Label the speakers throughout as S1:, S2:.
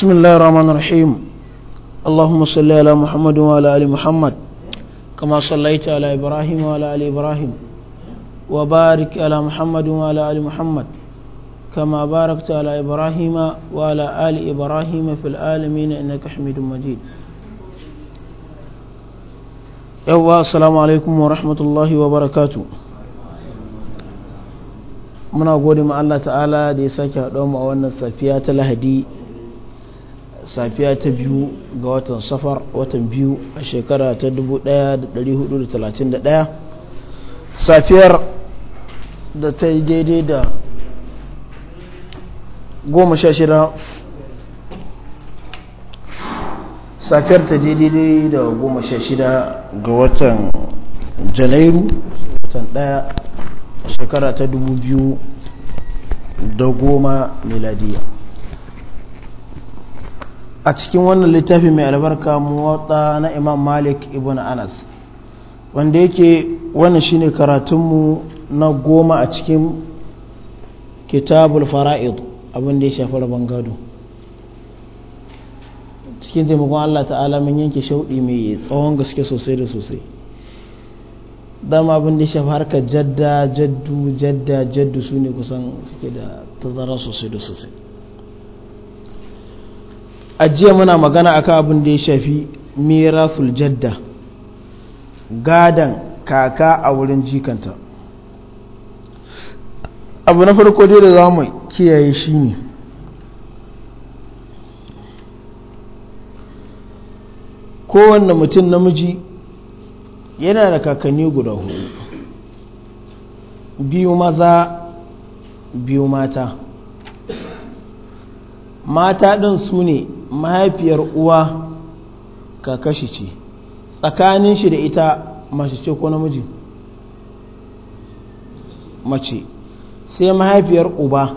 S1: بسم الله الرحمن الرحيم اللهم صل على محمد وعلى ال محمد كما صليت على ابراهيم وعلى ال ابراهيم وبارك على محمد وعلى ال محمد كما باركت على ابراهيم وعلى ال ابراهيم في العالمين انك حميد مجيد يوا السلام عليكم ورحمه الله وبركاته muna gode ma Allah ta'ala da ya sake haɗo mu a wannan safiya ta lahadi safiya ta biyu ga watan safar watan biyu a shekara ta 1431 safiyar da ta yi daidai da 16 safiyar ta daidai da 16 ga watan janairu watan daya a shekara ta 2010 miladiyya a cikin wannan littafi mai albarka muwatta na imam malik ibn anas wanda yake wannan shine karatunmu na goma a cikin kitabul fara'id abinda ya shafi rabon gado cikin taimakon allah ta'ala mun yanke shauɗi mai tsawon gaske sosai da sosai dama abinda da ya shafi harkar jadda jaddu jadda jaddu su ne kusan suke da tazara sosai da sosai a jiya muna magana akan abin da ya shafi mirathul jadda gadan kaka a wurin jikanta abu na farko dai da zamu kiyaye shi ne kowanne mutum namiji yana da kakanni guda hudu biyu maza biyu mata mata ɗin su ne mahaifiyar uwa kashi ce tsakanin shi da ita mace ce ko namiji mace sai mahaifiyar uba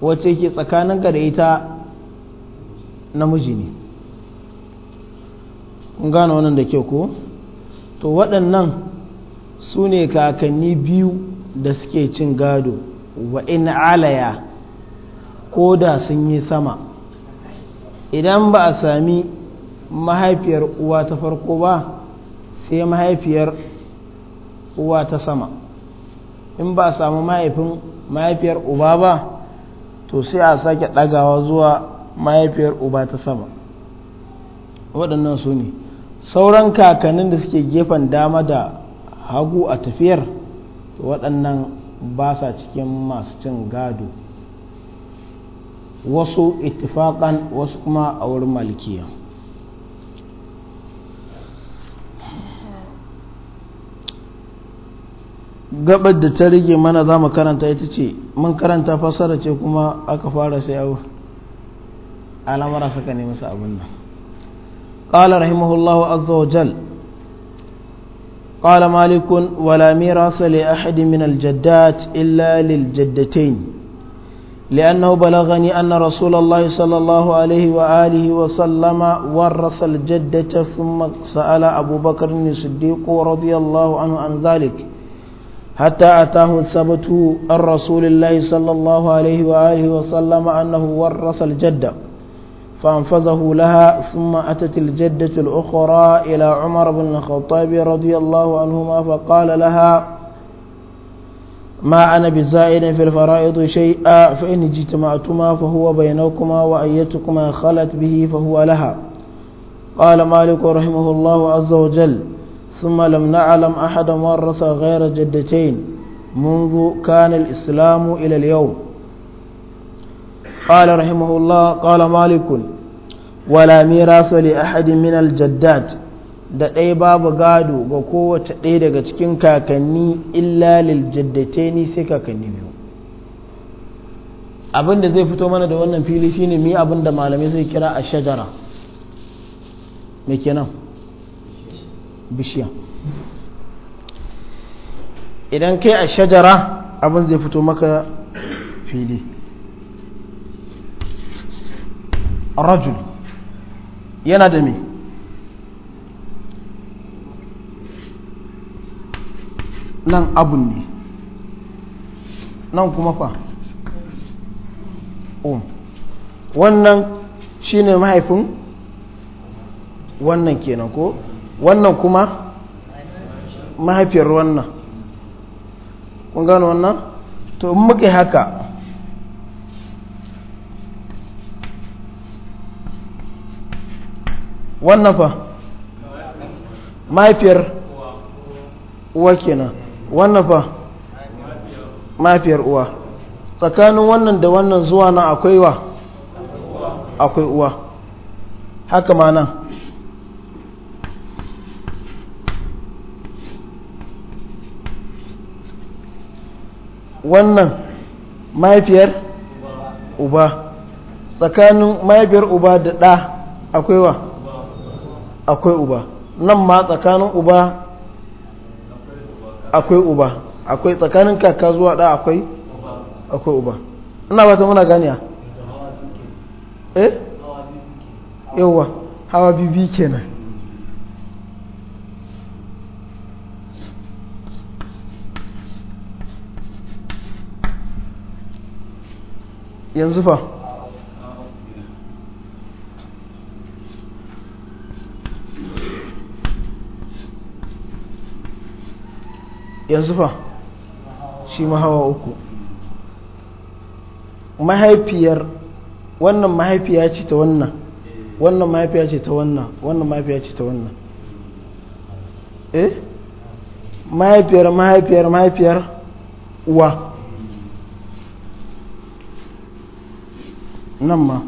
S1: wacce ke tsakaninka da ita namiji ne kun gane wannan da kyau ko to waɗannan su ne kakanni biyu da suke cin gado wa in alaya ko da sun yi sama idan ba a sami mahaifiyar uwa ta farko ba sai mahaifiyar uwa ta sama in ba a sami mahaifin mahaifiyar uba ba to sai a sake ɗagawa zuwa mahaifiyar uba ta sama waɗannan su ne sauran kakannin da suke gefen dama da hagu a tafiyar waɗannan ba sa cikin masu cin gado wasu ittifaqan wasu kuma a wurin malikiya gabar da ta rige mana za mu karanta ita ce mun karanta fasara ce kuma aka fara sai abu alamara suka nemi su abin nan قال رحمه الله عز وجل قال مالك ولا ميراث لأحد من الجدات إلا لأنه بلغني أن رسول الله صلى الله عليه وآله وسلم ورث الجدة ثم سأل أبو بكر الصديق رضي الله عنه عن ذلك حتى أتاه الثبت عن رسول الله صلى الله عليه وآله وسلم أنه ورث الجدة فأنفذه لها ثم أتت الجدة الأخرى إلى عمر بن الخطاب رضي الله عنهما فقال لها ما أنا بزائد في الفرائض شيئا فإن اجتمعتما فهو بينكما وأيتكما خلت به فهو لها قال مالك رحمه الله عز وجل ثم لم نعلم أحدا ورث غير جدتين منذ كان الإسلام إلى اليوم قال رحمه الله قال مالك ولا ميراث لأحد من الجدات da ɗaya babu gado ga kowace ɗaya daga cikin kakanni illa liljaddate ni sai kakanni biyu abin da zai fito mana da wannan fili shine mu abin da malamai zai kira a shajara me nan bishiya idan kai a shajara abin zai fito maka fili rajul yana da mai nan abun ne nan kuma fa um wannan shi ne mahaifin wannan kenan ko wannan kuma mahaifiyar wannan kun gano wannan to in muka haka wannan fa mahaifiyar uwa kenan wannan fa mafiyar uwa tsakanin wannan da wannan zuwa na akwai wa akwai uwa haka ma nan wannan mafiyar uba tsakanin mafiyar uba da ɗa akwai wa akwai uba nan ma tsakanin uba akwai uba akwai tsakanin kaka zuwa da akwai akwai uba ina ba ta muna ganiya eh yawwa hawa bibi kenan yanzu fa yanzu fa shi ma hawa uku mahaifiyar wannan mahaifiya ce ta wannan wannan mahaifiya ce ta wannan wannan mahaifiya ce ta wannan eh mahaifiyar mahaifiyar mahaifiyar uwa nan ma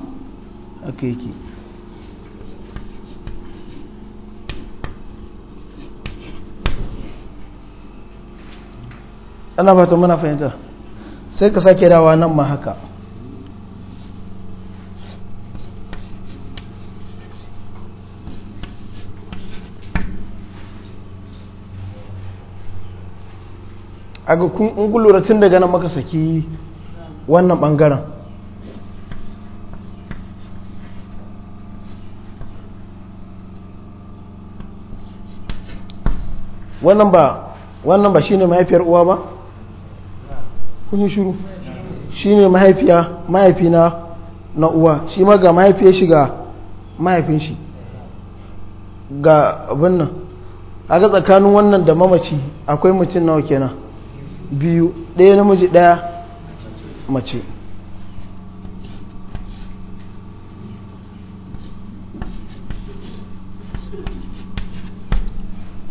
S1: aka yake ana fata muna fahimta sai ka sake dawa nan ma haka ga kun lura tun daga nan maka saki wannan bangaren wannan ba wannan ba shine mahaifiyar uwa ba kun yi shiru shi ne mahaifiya mahaifina na uwa shi ma ga mahaifiyar shi ga mahaifin shi ga abin nan a ga tsakanin wannan da mamaci akwai mutum nawa kenan biyu ɗaya namiji ɗaya mace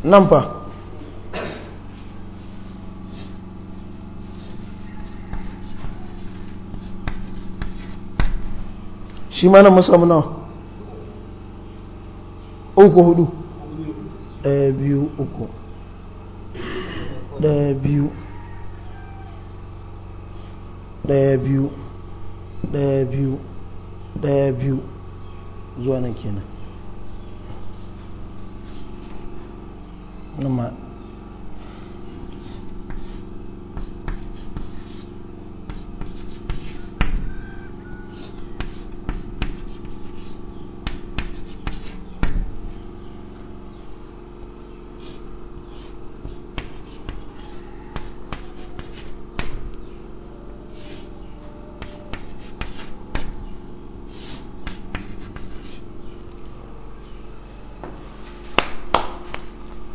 S1: nan fa shi ma nan mun samu uku hudu ɗaya biyu uku ɗaya biyu ɗaya biyu ɗaya biyu ɗaya biyu zuwa nan kenan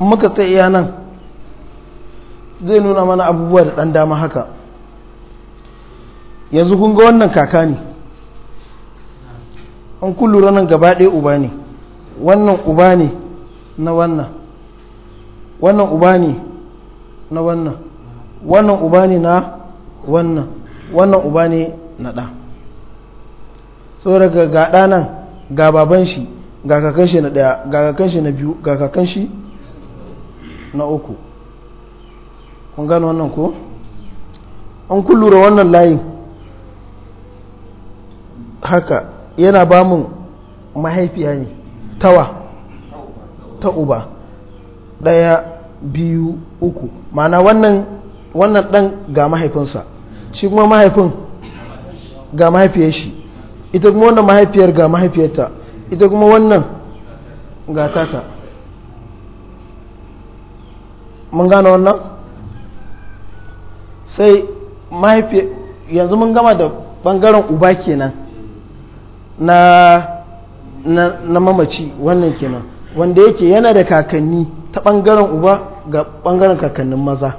S1: muka tsaye nan zai nuna mana abubuwa da ɗan dama haka yanzu kun ga wannan kaka ne an kullura nan gaba ɗaya uba ne wannan uba ne na wannan wannan uba ne na wannan wannan uba ne na wannan wannan uba ne na ɗa saboda ga ɗa nan ga baban shi ga kakan shi na ɗaya ga kakan shi na biyu ga kakan shi na uku kun gano wannan ko an kullura wannan layin haka yana ba mu mahaifiya ne tawa ta uba ɗaya biyu uku ma'ana wannan wannan ɗan ga mahaifinsa shi kuma mahaifin ga mahaifiyar shi ita kuma wannan mahaifiyar ga mahaifiyarta ita kuma wannan ga tata mun gane wannan sai mahaifi yanzu mun gama da bangaren uba kenan na na mamaci wannan kenan wanda yake yana da kakanni ta bangaren uba ga bangaren kakannin maza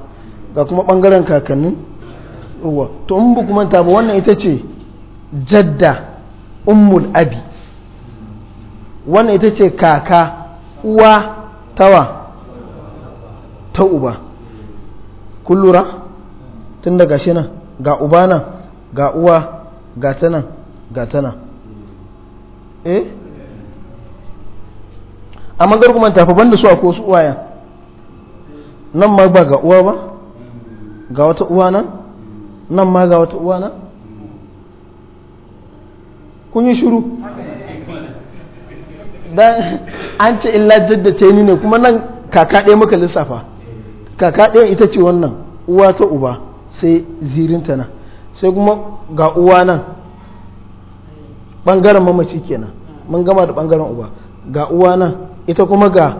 S1: ga kuma bangaren kakannin uwa to in buku manta ba wannan ita ce jadda ummul abi wannan ita ce kaka uwa tawa ta uba kun lura tun daga shi nan ga uba nan ga uwa ga ta nan ga ta nan eh amma garkuman tafi banda su ko su uwaya nan ma ba ga uwa ba ga wata uwa nan nan ma ga wata uwa nan kun yi shuru dan an ce illa jaddace ni ne kuma nan kaka ɗaya muka lissafa kaka ɗaya ita ce wannan uwa ta uba sai zirinta nan sai kuma ga uwa nan ɓangaren mamaci kenan mun gama da ɓangaren uba ga uwa nan ita kuma ga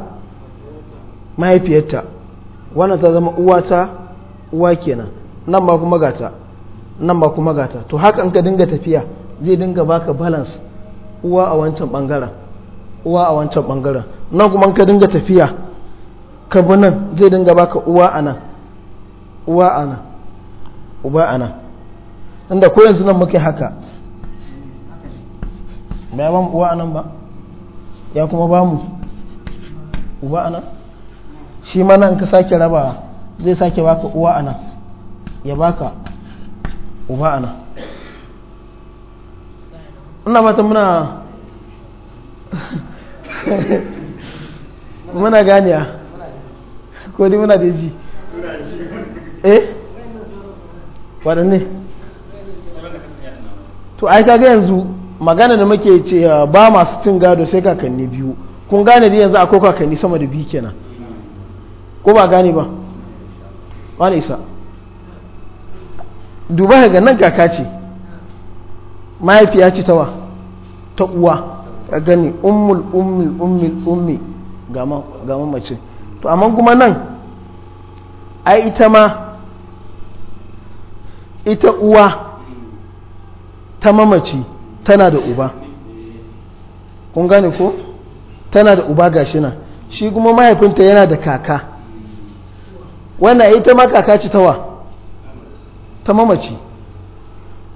S1: mahaifiyarta wannan ta zama uwa ta uwa kenan nan ma kuma gata nan ma kuma gata to haka in ka dinga tafiya zai dinga baka balance uwa a wancan ɓangaren uwa a wancan ɓangaren nan kuma in ka dinga tafiya ka bi nan zai dinga baka uwa a nan uwa a nan uba a nan inda ko yanzu nan muke haka ba ba mu uwa a nan ba ya kuma ba mu uba a nan shi ma nan ka sake raba zai sake baka uwa a nan ya baka uba a nan ina fata muna muna ganiya ko dai muna da ji eh waɗanne to ai kaga yanzu magana da muke ce eh, ba masu cin gado sai kakanni biyu kun gane da yanzu akwai kakanni sama da biyu kenan ko ba gane ba wani isa duba ga nan kaka ce mahaifiya ce tawa ta uwa ka gani ummul ummul ummul ummi ga mamacin to amma kuma nan ai ita ma ita uwa ta mamaci tana da uba kun gane ko tana da uba gashi nan shi kuma mahaifinta yana da kaka wannan ita ma kaka ci tawa ta mamaci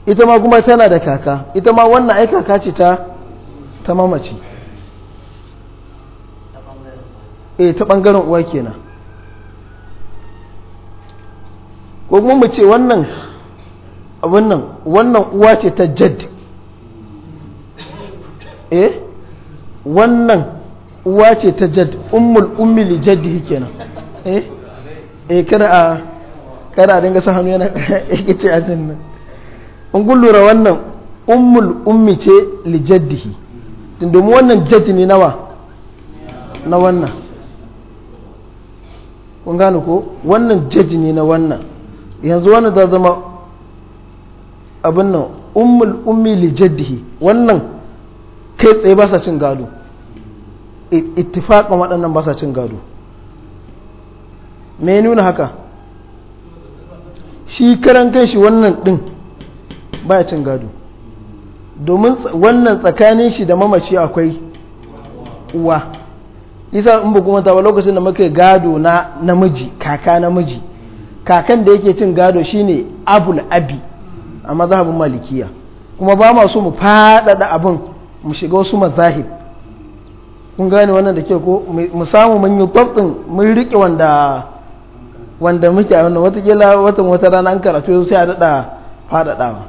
S1: ita ma kuma tana da kaka ita ma wannan ai kaka ce ta ta mamaci eh ta bangaren uwa kenan ko kuma mu ce wannan nan wannan uwa ce ta jadd eh wannan uwa ce ta jadd ummul ummi li kenan eh eh kada a kada a dinga sa hannu yana kace a jin nan in gullura wannan ummul ummi ce li jaddihi domin wannan jaddi ne nawa na wannan kun gane ko wannan jaji ne na wannan yanzu wani za zama abin nan ummul ummi li jaddihi wannan kai tsaye ba sa cin gado ittifaqan waɗannan ba sa cin gado me nuna haka shi karan kan shi wannan din ba ya cin gado domin wannan tsakanin shi da mamaci akwai uwa isa in ba kuma ba lokacin da muka gado na namiji kaka namiji kakan da yake cin gado shine abul abi a mazhabin malikiya kuma ba ma so mu faɗaɗa abin mu shiga wasu mazahib kun gane wannan da ke ko mu samu mun yi tsabtsin mun riƙe wanda wanda muke a wannan watakila watan wata rana an karatu sai a daɗa faɗaɗawa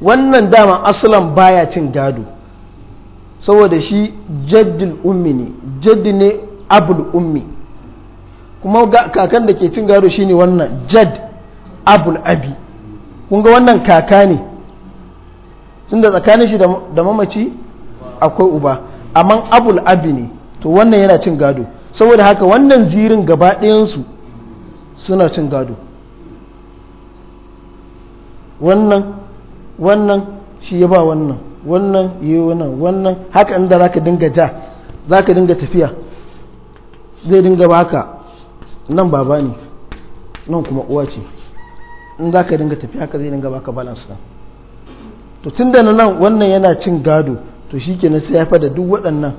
S1: wannan dama asalan baya cin gado saboda shi jaddul ummi ne jaddi ne abul ummi kuma kakan da ke cin gado shine wannan jadd abul abi kun ga wannan kaka ne tunda tsakanin shi da mamaci akwai uba amma abul abi ne to wannan yana cin gado saboda haka wannan zirin gaba ɗayansu suna cin gado wannan shi ya ba wannan wannan yi wannan wannan haka inda za ka dinga ja za ka dinga tafiya zai dinga baka nan baba ne nan kuma uwa ce in za ka dinga tafiya haka zai dinga baka balance nan to tun da nan wannan yana cin gado to shi ke sai ya fada duk waɗannan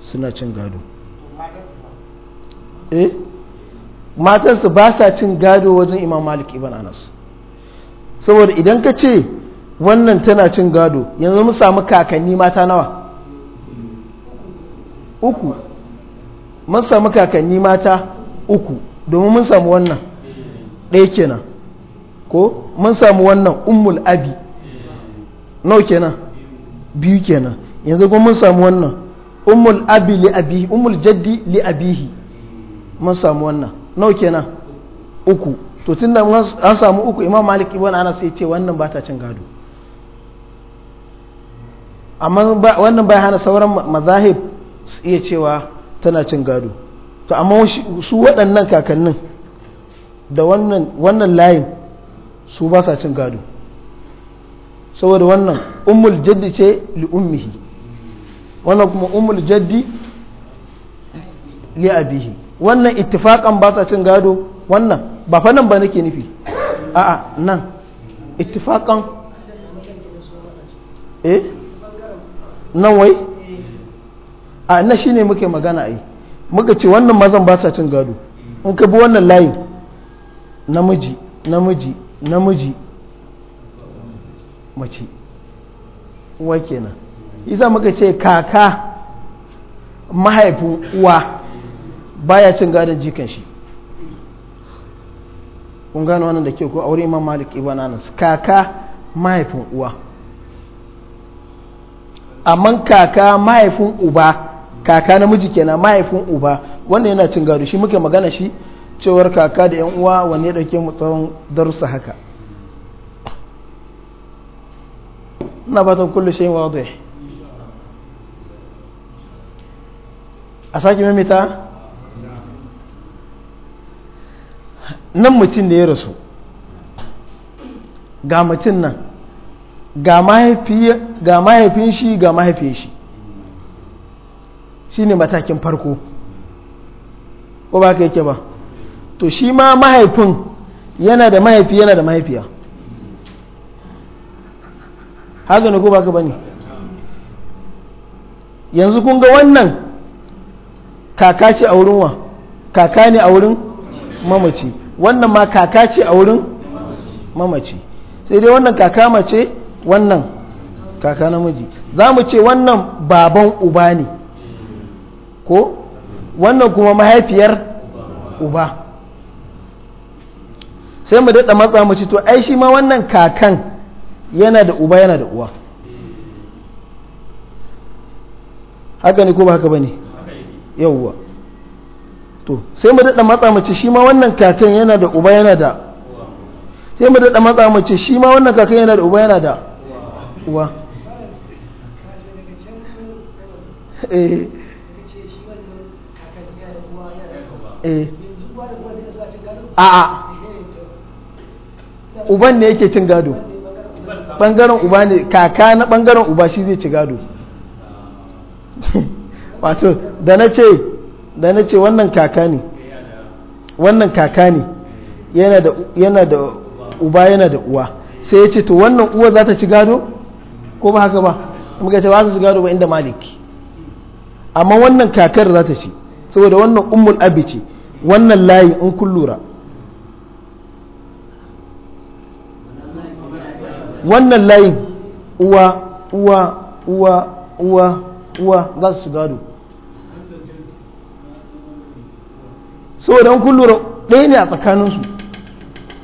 S1: suna cin gado eh matansu ba sa cin gado wajen imam malik ibn anas saboda idan ka ce wannan tana cin gado yanzu mun samu kakanni mata nawa uku mun samu kakanni mata uku domin mun samu wannan ɗaya kenan ko mun samu wannan umul abi nau kenan biyu kenan yanzu kuma mun samu wannan umul abi li abihi umul jaddi li abihi mun samu wannan nau kenan uku to tun da an samu uku imam malik ibn anas sai ce wannan ba ta cin gado amma wannan bai hana sauran mazahib su iya cewa tana cin gado to amma su waɗannan kakannin da wannan layin su ba sa cin gado saboda wannan umul jaddi ce li ummihi wannan kuma umul jaddi li abihi wannan ittifakan ba sa cin gado wannan ba fa nan ba nake nufi a'a nan ittifakan eh nan wai a na shi ne muke magana a yi muka ce wannan mazan ba sa cin gado in ka bi wannan layin namiji namiji namiji mace uwa kenan isa muka ce kaka mahaifin uwa baya cin gadon jikan shi kun gano wannan da ke ko aure imam malik ibn anas kaka mahaifin uwa amma kaka mahaifin uba kaka namiji kenan mahaifin uba wannan yana cin gado shi muke magana shi cewar kaka da yan uwa wanne ya dauke mu tsawon darussa haka ina fatan kullu shayin wadai a sake mamita nan mutum da ya rasu ga mutum nan ga mahaifin shi ga mahaifin shi shi ne matakin farko ko ba ka yake ba to shi ma mahaifin yana da mahaifi yana da mahaifiya haka ne ko ba ka ba ne yanzu kun ga wannan kaka ce a wurin wa kaka ne a wurin mamaci wannan ma kaka ce a wurin mamaci sai dai wannan kaka mace wannan kaka namiji za mu ce wannan baban uba ne ko wannan kuma mahaifiyar uba sai mu daɗa matsa mu ce to ai shi ma wannan kakan yana da uba yana da uwa haka ne ko ba haka ba ne yauwa to sai mu daɗa matsa mace shi ma wannan kakan yana da uba yana da sai mu daɗa matsa mace shi ma wannan kakan yana da uba yana da uwa eh. Eh. a'a uban ne yake cin gado
S2: ɓangaren uba
S1: ne kaka na ɓangaren uba shi zai ci gado wato da na ce da na ce wannan kaka ne wannan kaka ne yana da uba yana da uwa sai ya ce to wannan uwa za ta ci gado ko ba haka ba muka ce ba su gado ba inda malik amma wannan kakar za ta ce saboda wannan ummul abi ce wannan layi in kun lura wannan layin uwa uwa uwa uwa uwa za su gado saboda in kun lura ɗaya ne a tsakaninsu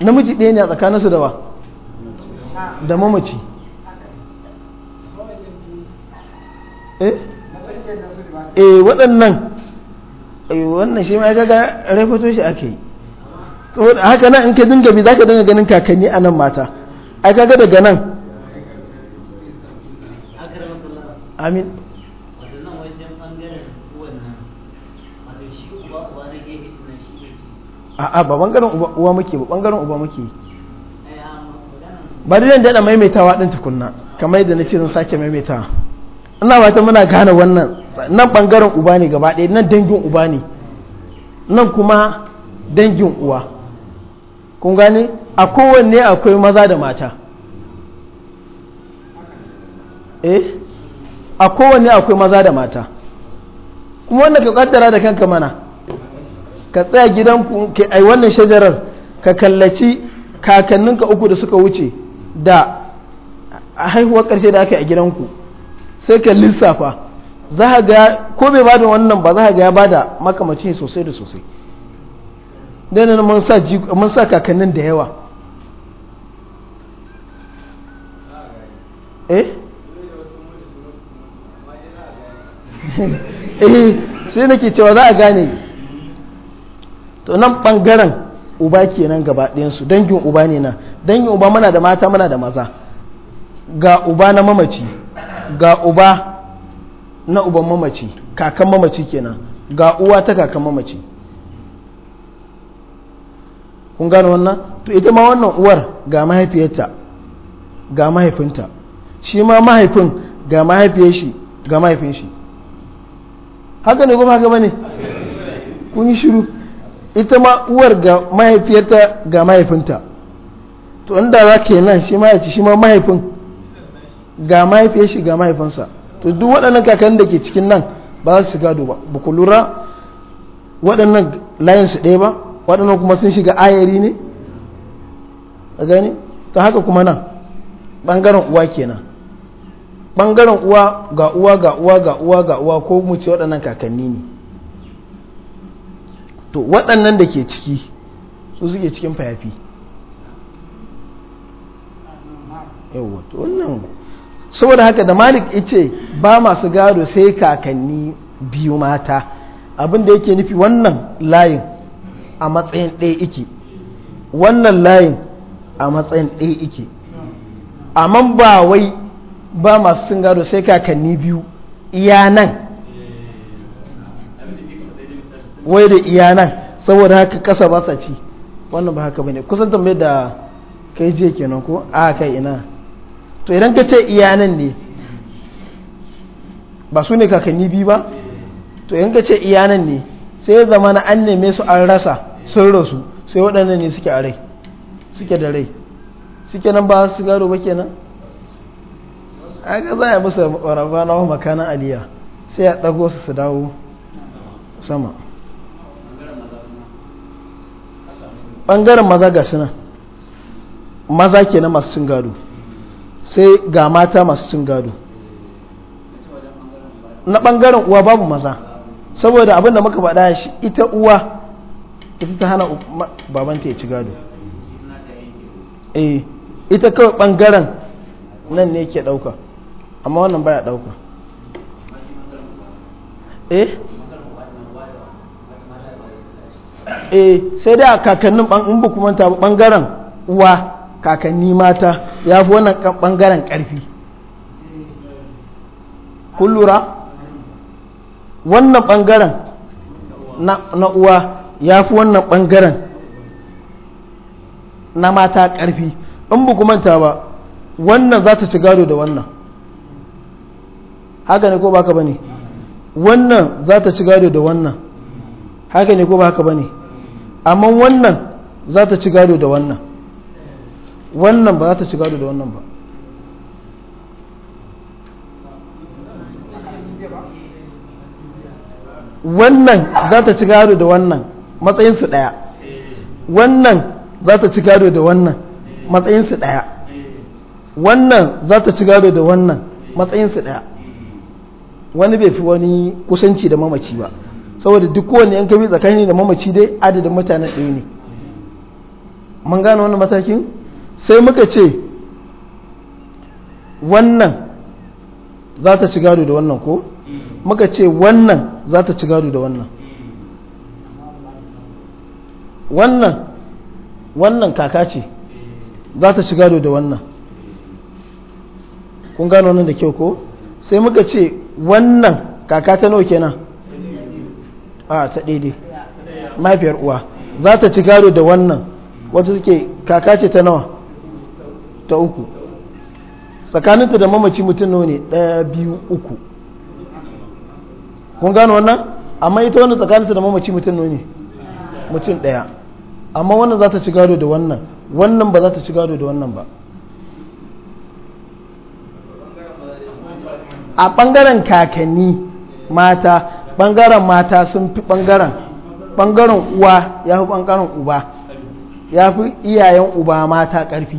S1: namiji ɗaya ne a tsakaninsu da ba
S2: da mamaci Eh? eh waɗannan
S1: eh, wannan shi ma ya ga rafato shi ake
S2: yi
S1: haka nan in ka dinga bi za ka dinga ganin kakanni a nan mata ai kaga daga nan amin a'a ba bangaren uwa muke ba bangaren uba muke
S2: ba da daɗa maimaitawa
S1: ɗin tukunna kamar yadda na ce zan sake maimaitawa ina ba ta muna gane wannan nan bangaren uba ne gaba ɗaya nan dangin uba ne nan kuma dangin uwa kun gane a kowanne akwai maza da mata eh a kowanne akwai maza da mata kuma wanda ka kaddara da kanka mana ka tsaya ku ke ai wannan shajarar ka kallaci kakanninka uku da suka wuce da a haihuwar ƙarshe da aka yi a gidanku sai ka lissafa za ga ko bai bada wannan ba za ga ya bada makamacin sosai da sosai dan mun sa kakannin da yawa eh? eh sai nake cewa za a gane to nan bangaren uba kenan gaba ɗayansu dangin uba ne na dangin uba muna da mata muna da maza ga uba na mamaci ga uba na uban mamaci kakan mamaci kenan ga uwa ta kakan mamaci kun gano wannan to ita ma wannan uwar ga mahaifiyarta ga mahaifinta shi ma mahaifin ga mahaifiyar shi ga mahaifin shi haka ne kuma haka bane kun yi shiru ita ma uwar ga mahaifiyarta ga mahaifinta to inda za ka yi nan shi mahaifi shi ma mahaifin ga mahaifiyar shi ga mahaifinsa to duk waɗannan kakannin da ke cikin nan ba za su gado ba ba ku lura waɗannan layin su ɗaya ba waɗannan kuma sun shiga ayari ne a gani ta haka kuma nan ɓangaren uwa kenan ɓangaren uwa ga uwa ga uwa ga uwa ga uwa ko mu ce waɗannan kakanni ne to waɗannan da ke ciki su suke cikin fayafi yawon wannan saboda haka da malik ice ba masu gado sai kakanni biyu mata abin da yake nufi wannan layin a matsayin ɗaya ike wannan layin a matsayin ɗaya ike amma ba wai ba masu sun gado sai kakanni biyu iya nan wai da iya nan saboda haka kasa ba ci wannan ba haka bane kusan tambayar da kai je kenan ko a kai ina to idan ka ce iyanan ne ba su ne kakanni biyu ba to idan ka ce iyanan ne sai ya zama na an neme su an rasa sun rasu sai waɗannan ne suke a rai suke da rai suke nan ba su gado ba kenan ga za a musu raba na makanan aliya sai a ɗago su su dawo sama ɓangaren maza ga suna maza kenan masu cin gado sai ga mata masu cin gado na ɓangaren uwa babu maza saboda abin da muka faɗa shi ita uwa ita ta hana babanta ya ci gado eh, ita kawai ɓangaren nan ne ke ɗauka amma wannan baya ɗauka eh,
S2: eh sai da kakannin in
S1: ba kuma ta ɓangaren uwa kakanni mata ya fi wannan ɓangaren ƙarfi kun lura wannan ɓangaren na uwa ya fi wannan ɓangaren na mata ƙarfi in ba manta ba wannan za ta ci gado da wannan haka ne ko ba ka ba ne wannan za ta ci gado da wannan haka ne ko ba ka ba ne amma wannan za ta ci gado da wannan wannan ba za ta ci gado da wannan ba wannan za ta ci gado da wannan matsayinsu ɗaya wannan za ta ci gado da wannan matsayinsu ɗaya wannan za ta ci gado da wannan matsayinsu ɗaya wani bai fi wani kusanci da mamaci ba saboda duk kowane yan kabi tsakani da mamaci dai adadin mutanen ɗaya ne mun gane wannan matakin sai muka ce wannan za ta ci gado da wannan ko muka ce wannan za ta ci gado da wannan wannan wannan kaka ce za ta ci gado da wannan kun gano nan da kyau ko sai muka ce wannan kaka ta nau kenan a ta daidai mahaifiyar uwa za ta ci gado da wannan wata suke kaka ce ta nawa ta uku tsakaninta da mamaci mutum nawa ne ɗaya biyu uku kun gano wannan amma ita wannan tsakaninta da mamaci mutum nawa ne mutum ɗaya amma wannan za ta ci gado da wannan wannan ba za ta ci gado da wannan ba
S2: a ɓangaren
S1: kakanni mata ɓangaren mata sun fi ɓangaren ɓangaren uwa ya fi ɓangaren uba ya fi iyayen uba mata ƙarfi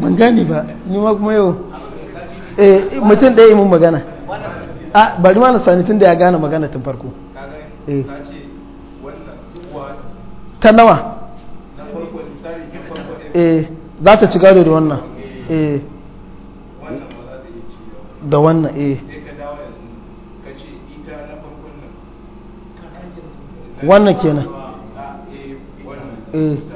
S1: ban gane ba ni ma kuma yau eh mutum ɗaya mun magana a bari ma na sani tun da ya gane magana tun farko eh ta nawa
S2: eh za ta ci gado da wannan eh, eh. da wannan eh wannan kenan eh, eh.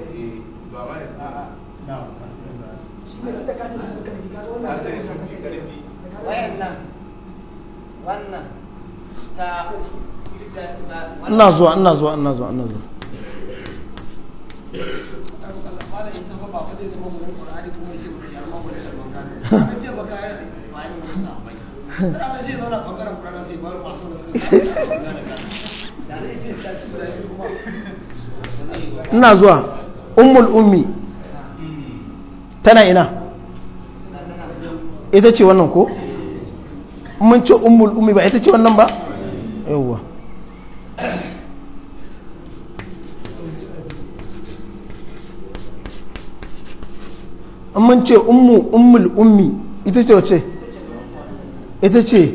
S2: ina zuwa
S1: ina zuwa ina zuwa ina zuwa ina zuwa ummi tana ina ita ce wannan ko mun ce umul ummi ba ita ce wannan ba yawwa an ce ummu ummul ummi ita ce wace ita ce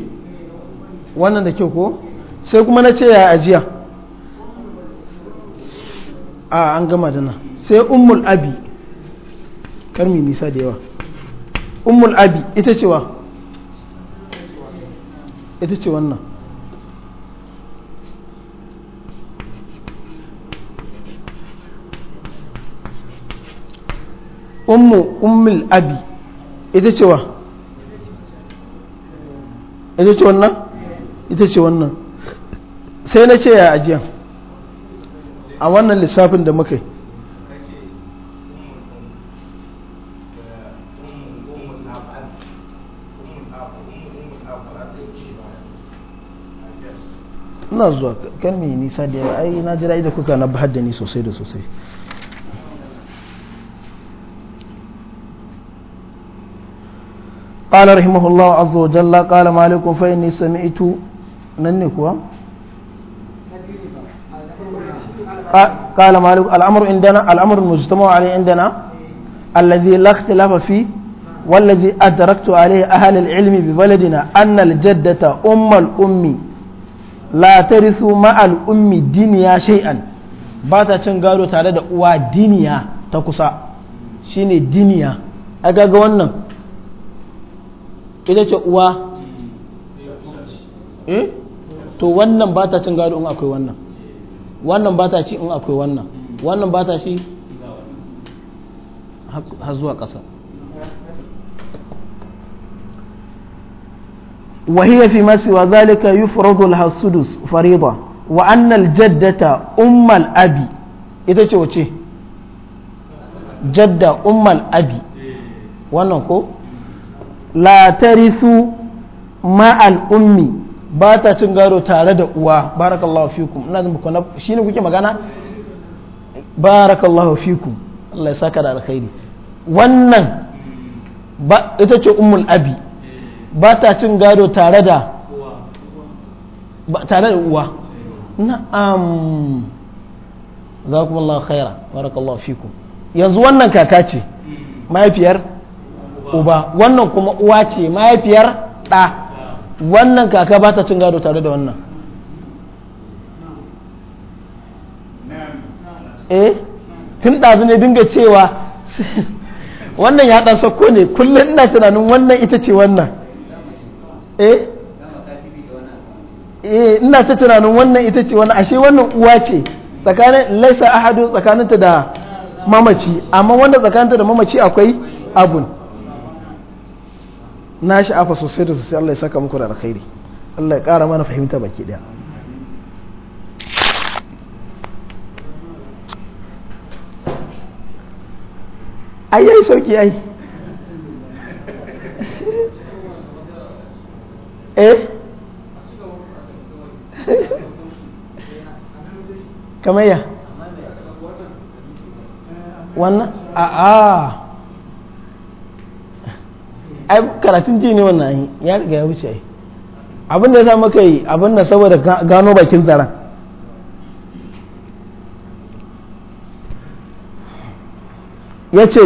S1: wannan da kyau ko sai kuma na ce ya ajiya a an gama da nan sai ummul abi karmi nisa da yawa ummul abi ita ce wa ita ce wannan ummu ummul abi ita ce wa ita ce wannan ita ce wannan sai na ce ya ajiya a wannan lissafin da muka yi ina zuwa kan mai nisa da yawa ai na jira idan kuka na bahar da ni sosai da sosai قال رحمه الله عز وجل قال مالك فإني سمعت ننكوا قال مالك الأمر عندنا الأمر المجتمع عليه عندنا الذي لا اختلاف فيه والذي أدركت عليه أهل العلم ببلدنا أن الجدة أم الأم لا ترث مع الأم دنيا شيئا باتا تنقالوا تعالى دقوا دنيا تقصى شيني دنيا أقا قولنا ita ce uwa eh to wannan ba ta cin gado in akwai wannan wannan ba ta ci in akwai wannan wannan ba ta ci har zuwa ƙasa وهي في ما سوى ذلك يفرض لها السدس فريضة وأن الجدة أم الأبي إذا شو جدة أم الأبي وأنا la tarithu al ummi ba ta cin gado tare da uwa barakallahu fikum ina zan ku shine kuke magana barakallahu fikum Allah ya saka da alkhairi wannan ba ita ce ummul abi ba ta cin gado tare da ba tare da uwa na'am zakumullahu khaira barakallahu fikum yanzu wannan kaka ce mahaifiyar uba wannan kuma uwa ce mahaifiyar ɗa wannan kaka ba ta cin gado tare da wannan eh tun ɗazu ne dinga cewa wannan ya ɗan sako ne kullum ina tunanin wannan ita ce wannan eh eh ina ta tunanin wannan ita ce wannan ashe wannan uwa ce tsakanin laisa ahadu tsakaninta da mamaci amma wanda tsakaninta da mamaci akwai abun na sha'afa sosai da sosai Allah ya saka muku da alkhairi Allah ya ƙara mana fahimta baki ɗaya ai yayi sauki ai eh kamar ya wannan a'a ai karatun ji ne wannan yi ya riga ya wuce ai abin da ya sa kai abin da saboda gano bakin tsaron ya ce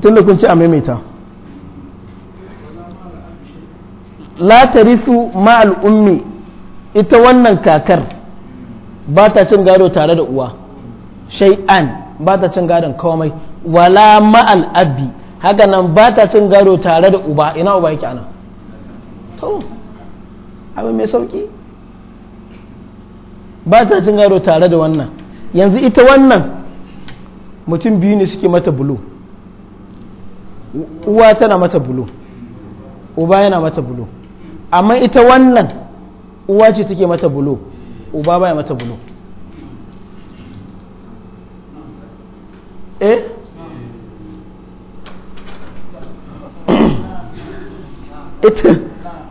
S1: tun da kun ce a maimaita la tarisu ma ita wannan kakar ba ta cin gado tare da uwa shay'an ba ta cin gadon komai wala ma'al abi haka nan ba ta cin gado tare da uba ina uba yake ana to abin mai sauki ba ta cin gado tare da wannan yanzu ita wannan mutum biyu ne suke mata bulu uwa tana mata bulu uba yana mata bulu amma ita wannan uwa ce take mata bulu uba baya mata bulu eh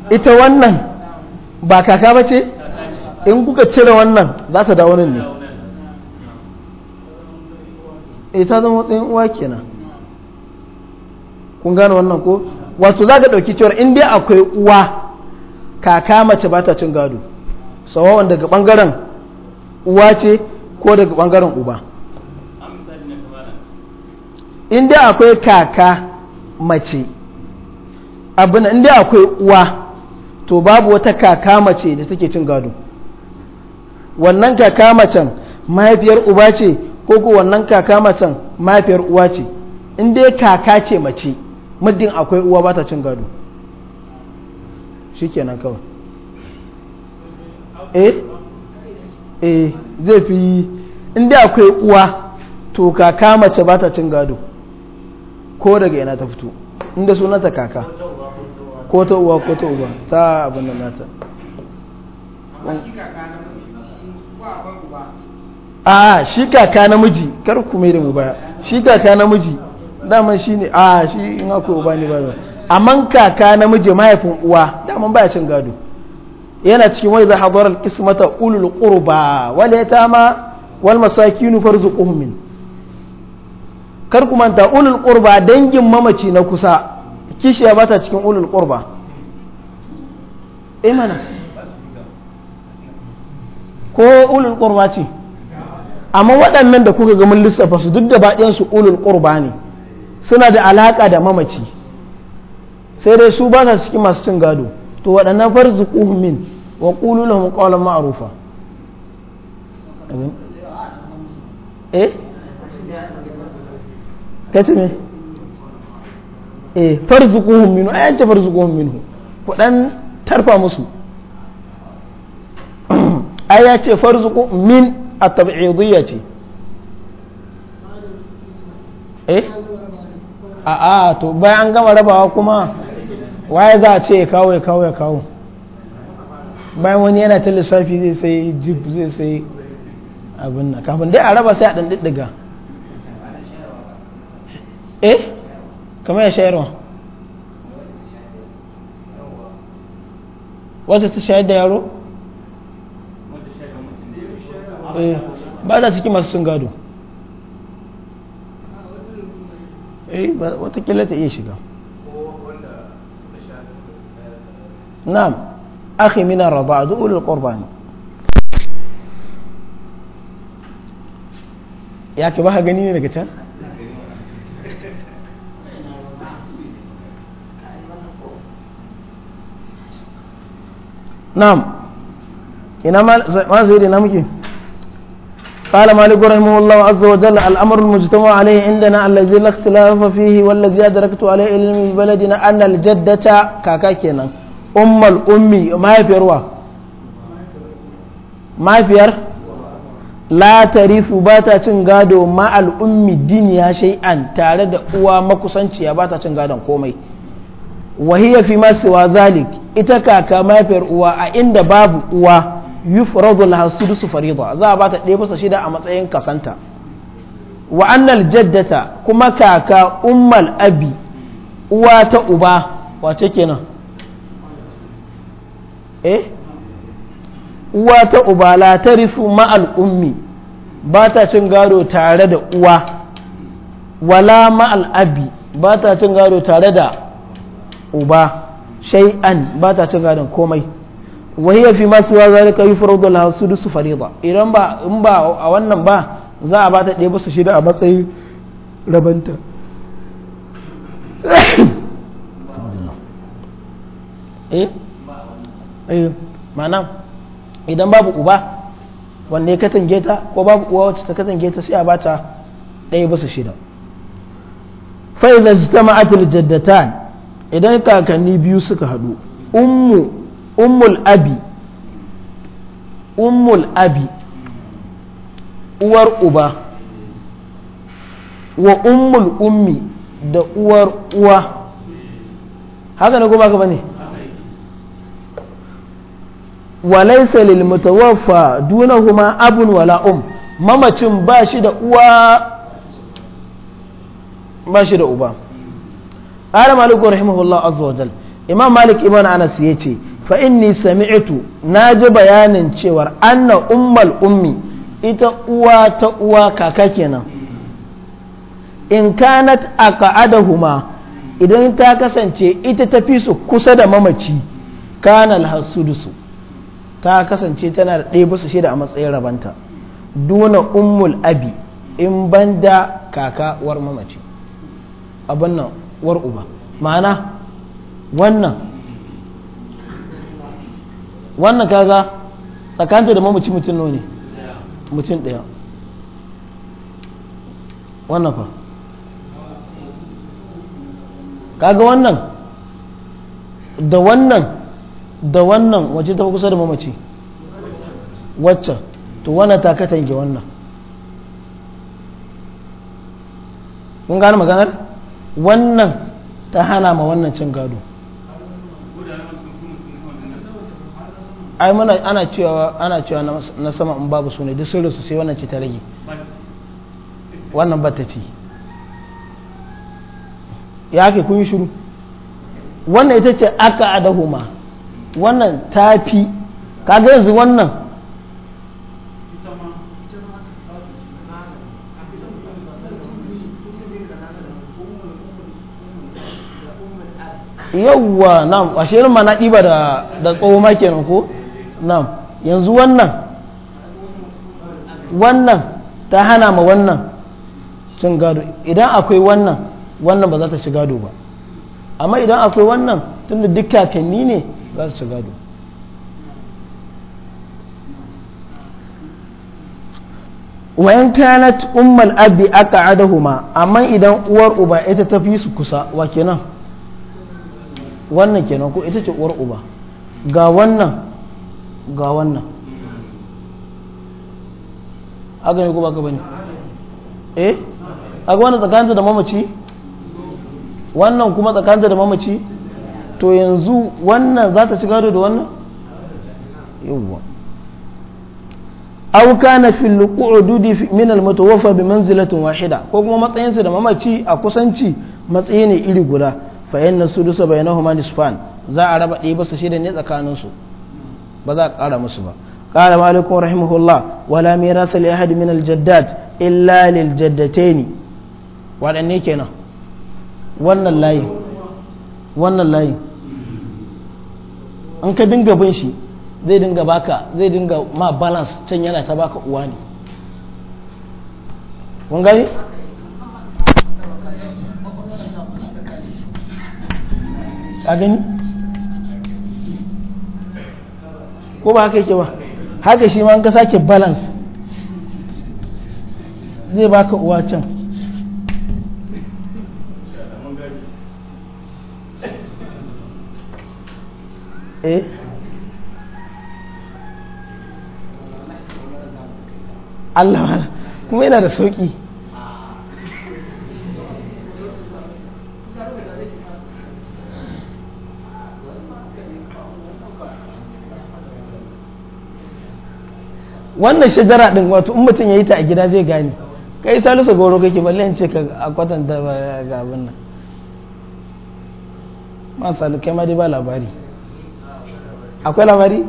S1: ita wannan ba kaka ba ce in kuka cire wannan za ta dawo nan ne e ta zama tsayin uwa kenan kun gane wannan ko wato za ka ɗauki cewar in dai akwai uwa kaka mace ba ta cin gado sawawan daga ɓangaren uwa ce ko daga ɓangaren uba in dai akwai kaka mace abin inda akwai uwa to babu wata kaka mace da take cin gado wannan kaka macen mahaifiyar uba ce ko ko wannan kaka macen mahaifiyar uwa ce inda ya kaka ce mace muddin akwai uwa ba ta cin gado shikenan kawai eh eh zai fi inda akwai uwa to kaka mace ba ta cin gado ko daga 'yana ta fito inda sunanta kaka ko ta uwa ko ta uba ta abin da nata a shi kaka namiji kar ku mai da mu baya shi kaka namiji dama shi ne a shi in akwai uba ne ba amma kaka namiji mahaifin uwa dama baya cin gado yana cikin wai za hadar al-qismata ulul qurba wal yatama wal masakin farzuquhum min kar ku manta ulul qurba dangin mamaci na kusa kishiya ba ta cikin ulul qurba eh mana ko ulul qurba ce amma waɗannan da kuka ga lissafa su duk da baɗin su ulul qurba ne suna da alaƙa da mamaci sai dai su ba sa cikin masu cin gado to waɗannan farzu min wa qulu mu qawlan ma'rufa eh kasi ne eh farzuquhum minhu ayan ta farzuquhum minhu ku dan tarfa musu ai ya ce farzuku min a tabidiyya ce eh a a to bayan an gama rabawa kuma waye za a ce ya kawo ya kawo ya kawo bayan wani yana ta lissafi zai sai jib zai sai abin nan kafin dai a raba sai a dan diddiga eh kamar ya shayarwa wata ta shayar da yaro eh, ba da cikin masu sun gado eh kila ta iya shiga na'am akhi a duk radaa du'ul qurbani ya ke ba gani ne daga can نعم ina ما زيد da قال مالك رحمه الله عز وجل الأمر المجتمع عليه عندنا الذي لا اختلاف فيه والذي أدركت عليه علم بلدنا أن الجدة كاكاكينا أم الأمي ما يفيروا ما يفير لا تريث باتا تنغادو ما الأمي دنيا شيئا تارد أوا مكسنشي باتا تنغادو كومي wahiya fi ma siwa zalik ita kaka mafiyar uwa a inda babu uwa yufradu laha sudusu farida za a ba ta ɗaya shida a matsayin kasanta wa annal jaddata kuma kaka ummal abi uwa ta uba wace kenan eh uwa ta uba la tarifu ma'al ummi ba ta cin gado tare da uwa wala ma'al abi ba ta cin gado tare da uba shay'an ba ta cin gadon komai wa hiya fi ma suwa zalika yufrudu laha sudusu fariida idan ba in ba a wannan ba za a bata ɗaya bisa shida a matsayin rabanta eh eh ma'ana idan babu uba wanda ya katange ta ko babu uwa wacce ta katange ta sai a bata ɗaya bisa shida fa idza ijtama'at al-jaddatan idan kakanni biyu suka haɗu ummul abi ummul abi uwar uba wa ummul ummi da uwar uwa haka ne ko baka bane wa laysa lil mutawaffa dunahuma abun wala um mamacin ba shi da uwa ba shi da uba qala malik rahimahullah azza wa jal imam malik ibn anas yace fa inni na ji bayanin cewar anna ummal ummi ita uwa ta uwa kaka kenan in kanat adahuma, idan ta kasance ita ta fi su kusa da mamaci kanal hasudusu ta kasance tana da ɗaya bisa shida a matsayin rabanta duna ummul abi in banda kakawar mamaci abin nan war uba ma'ana wannan wannan kaga tsakanta da mamaci mutum ne mutum ɗaya wannan fa kaga wannan da wannan da wannan wace ta kusa da mamaci waccan to wannan ta katange wannan kun gane maganar? wannan ta hana ma wannan cin gado ai mana ana cewa ana cewa na sama in babu su ne duk sun rasu sai wannan ce ta rage wannan ba ta ci ya ke kun yi shiru wannan ita ce aka adahuma wannan ta fi kaga yanzu wannan yawwa na'am ashe ma na ɗiba da tsohon makin ko nan yanzu wannan wannan ta hana ma wannan cin gado idan akwai wannan wannan ba za ta ci gado ba amma idan akwai wannan tun da duk kakanni ne za su ci gado wayan kanat ummal abi aka adahuma amma idan uwar uba ita ta fi su kusa wa kenan wannan kenan ko ita ce uwar uba ga wannan ga wannan aga ne ko baka bane eh aga wannan tsakaninta da mamaci wannan kuma tsakaninta da mamaci to yanzu wannan za ta ci gado da wannan yawwa aw kana fil qu'dudi min al mutawaffa bi manzilatin wahida ko kuma matsayinsa da mamaci a kusanci matsayi ne iri guda fa’yan na su dusa bayanan humani span za a raba ɗaya shi da ne tsakaninsu ba za a ƙara musu ba ƙara malikun rahimahullah wala mera sali ahadi min aljaddat illa lil jaddate ni waɗanne kenan wannan layi wannan layi an ka dinga bin shi zai dinga baka zai dinga ma balance can yana ta baka uwa ne ka gani ko ba haka yake ba haka shi ma an ka sake balance zai baka uwa can eh Allah kuma yana da sauki. wannan shajara din wato in mutum yi ta a gida zai gane kai salisu goro kake balle in ce ka a kwatanta ga abin nan ma salu kai ma dai ba labari akwai labari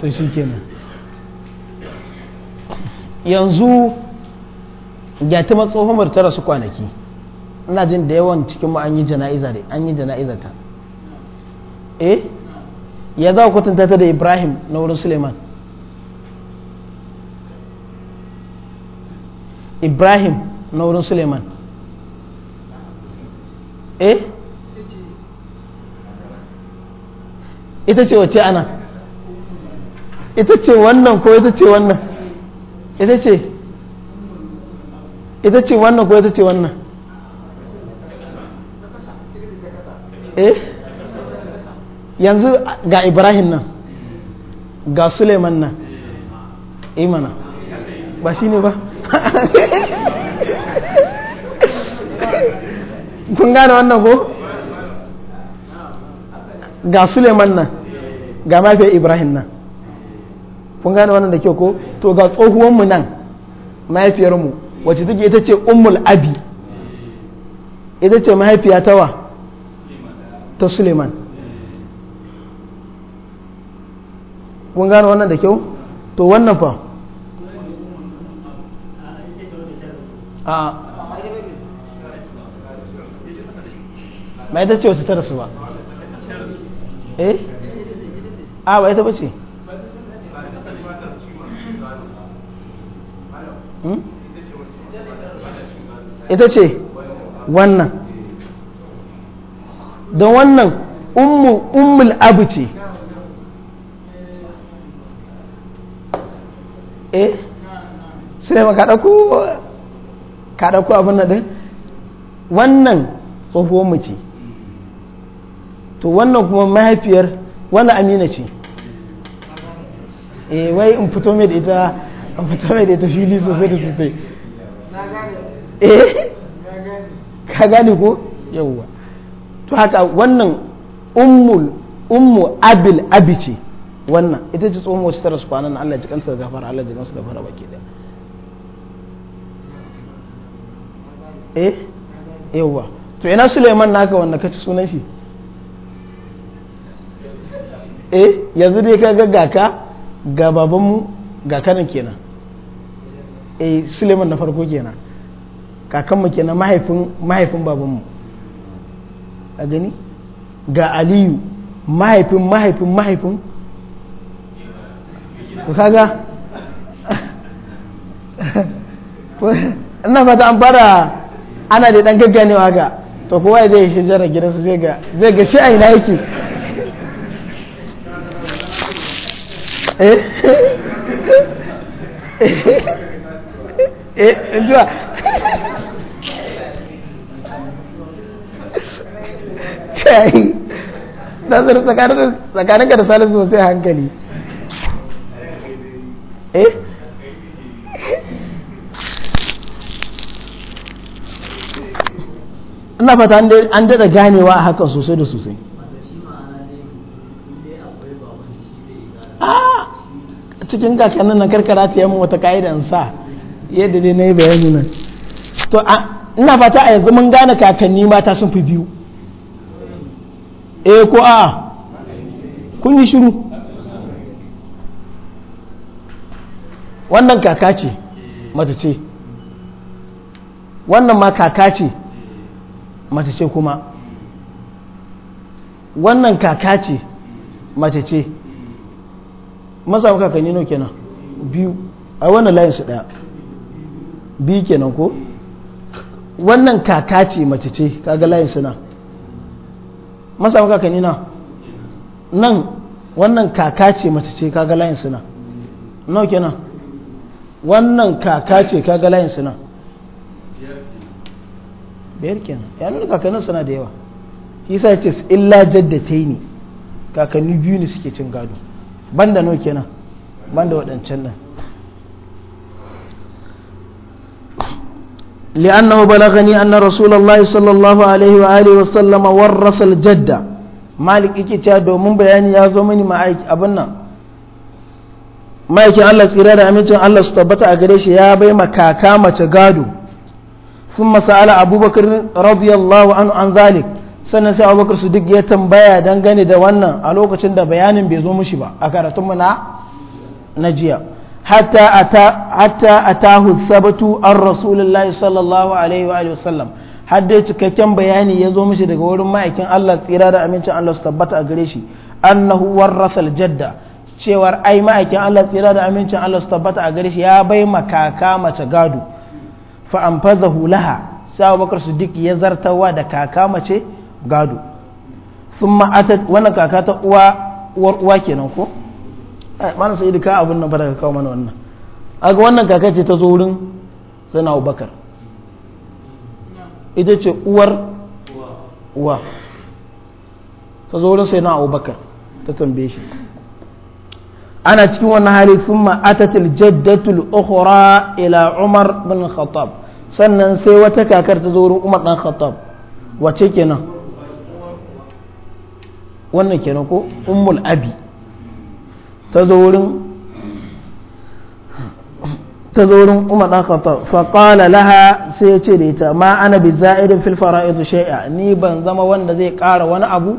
S1: to shi kenan yanzu ya ta matsohon ta rasu kwanaki ina jin da yawan cikin mu an yi jana'iza dai an yi jana'iza ta eh ya za ku kwatanta ta da ibrahim na wurin suleiman ibrahim na wurin suleiman eh ita ce wace ana ita ce wannan ko ita ce wannan ita ce ita ce wannan ko ita ce wannan eh yanzu ga ibrahim nan ga suleiman nan imana eh ba shi ne ba kun gane wannan ko ga suleiman nan ga mafi ibrahim nan kun gane wannan da kyau ko to ga tsohuwanmu nan mahaifiyarmu wacce take ita ce umul abi ita ce mahaifiya tawa ta suleiman kun gane wannan da kyau to wannan fa a
S2: mai ta ce wasu ta rasu ba eh
S1: a ba ita bace ita ce wannan don wannan ummul abu ce eh sai maka ɗauko kada ku abin nan wannan tsohuwar mu ce to wannan kuma mahaifiyar wannan amina ce eh wai in fito mai da ita in fito mai da ita fili sosai da sosai eh ka gane ko yawwa to haka wannan ummul ummu abil abici wannan ita ce tsohon wasu tara su kwanan Allah ji kanta da gafara Allah ji kanta da fara baki daya eh yawwa to ina suleiman naka wanda ci sunan shi eh yanzu dai ka ga gaka ga babanmu ga kanin kenan eh suleiman na farko kenan kakanmu kenan mahaifin mahaifin babanmu a gani ga aliyu mahaifin mahaifin mahaifin ku kaga ina fata an fara ana da dan gagganewa ga to kowa zai shi jara gidansa zai ga zai ga shi a ina yake
S2: eh eh zuwa
S1: shayi nazar tsakanin ka da salisu sai hankali eh ina fata an daɗa ganewa a hakan sosai da sosai a ah, cikin kakannin na karkara ta yamma wata ka'idan sa yadda dai na yi bayani nan to a ina fata a yanzu mun gane kakanni mata sun fi biyu E, ko a kun yi shiru wannan kaka ce mata ce wannan ma kaka ce mace ce kuma wannan kaka ce mace ce masamu kakanni nau kenan biyu a wannan layin su daya biyu kenan ko wannan kaka ce mace ce kaga layin su nan masamu kakanni na nan wannan kaka ce mace ce kaga layin su na nau kenan wannan kaka ce kaga layin su na. biyar kenan ya nuna kakannin suna da yawa shi sa yace illa jaddataini kakanni biyu ne suke cin gado banda nawa kenan da waɗancan nan لأنه بلغني أن رسول الله صلى الله عليه وآله وسلم ورث الجدة مالك إيكي تادو من بياني يا زمني ما أبنا ما يكي الله سيرا أمينتون الله ستبتا bai يا بي مكاكا gado. ثم سأل أبو بكر رضي الله عنه عن ذلك sannan sa abubakar su duk ya tambaya dangane da wannan a lokacin da bayanin bai zo mushi ba a karatunmu na jiya. hatta a tahu sabatu an rasulullahi sallallahu alaihi wa sallam har cikakken bayani ya zo mushi daga wurin ma'aikin allah tsira da amincin allah su tabbata a gare shi cewar ai ma'aikin allah tsira da amincin allah su tabbata a gare shi ya bai makaka mace gado fa anfazahu laha sai Abubakar duk ya zartawa da kaka mace gado thumma ata wannan kaka ta uwa uwar uwa kenan ko eh malam sai duka abun nan fara kawo mana wannan aga wannan kaka ce ta zo wurin na Abubakar ita ce uwar uwa ta zo wurin sai na Abubakar ta tambaye shi ana cikin wannan hali thumma atatil jaddatul ukhra ila Umar bin Khattab sannan sai wata kakar ta zo wurin umar dan khattab wace kenan wannan kenan ko ummul abi ta zo wurin ta zo wurin umar dan khattab fa qala laha sai ya ce da ita ma ana bi za'idin fil fara'id shay'a ni ban zama wanda zai ƙara wani abu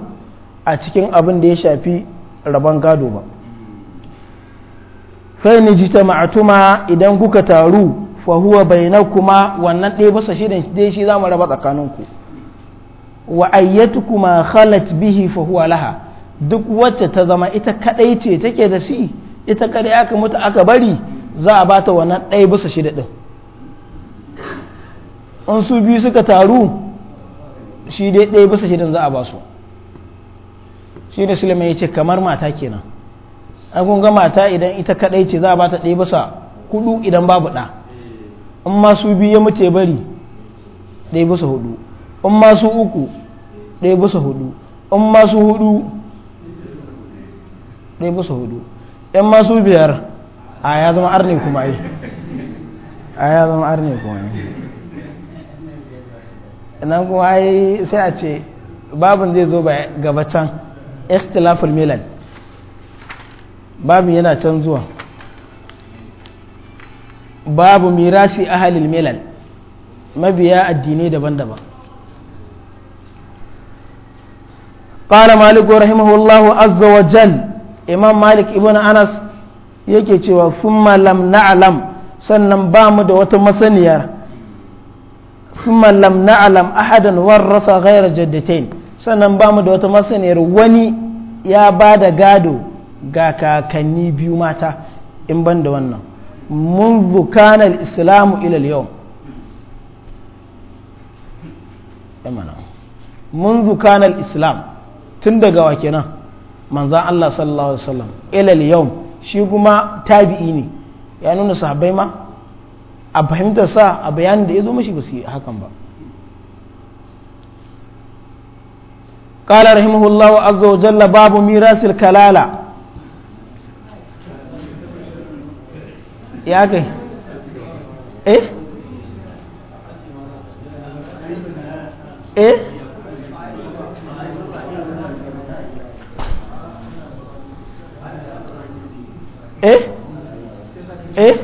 S1: a cikin abin da ya shafi rabon gado ba fa ni ma'atuma idan kuka taru bai na kuma wannan ɗaya basa shi da shi mu raba tsakaninku wa kuma khalat bihi fahuwa laha duk wacce ta zama ita kadai ce take da shi ita kaɗai aka mutu aka bari za a bata wannan ɗaya bisa shi ɗin in su biyu suka taru shi dai ɗaya basa shi za a ba su shi da sulaiman ya ce kamar mata kenan an kun ga mata idan ita kadai ce za a bata ɗaya basa hudu idan babu ɗa in ma su biyu ya mace bari ɗaya bisa hudu in ma su uku ɗaya bisa hudu in ma su hudu ɗaya bisa hudu in ma su biyar a ya zama arne kuma yi a ya zama arne kuma yi nan kuma yi sai a ce babin zai zo gaba can ikhtilaful milan babin yana can zuwa babu mirasi ahalil milal mabiya addinai daban-daban ƙara مالك rahimahullahu الله عز وجل إمام مالك ابن yake cewa thumma lam na'lam sannan ba mu da wata masaniyar warrasa ghayra jaddatain sannan ba mu da wata masaniyar wani ya ba da gado ga kakanni biyu mata in ban da wannan منذ كان الإسلام إلى اليوم منذ كان الإسلام تندقى وكنا من ذا الله صلى الله عليه وسلم إلى اليوم shi kuma tabi'i ne ya nuna sahabbai ma a fahimtar sa a bayanin da ya zo mashi ba su hakan ba قال رحمه الله عز وجل باب ميراث الكلاله ya kai
S2: eh eh eh eh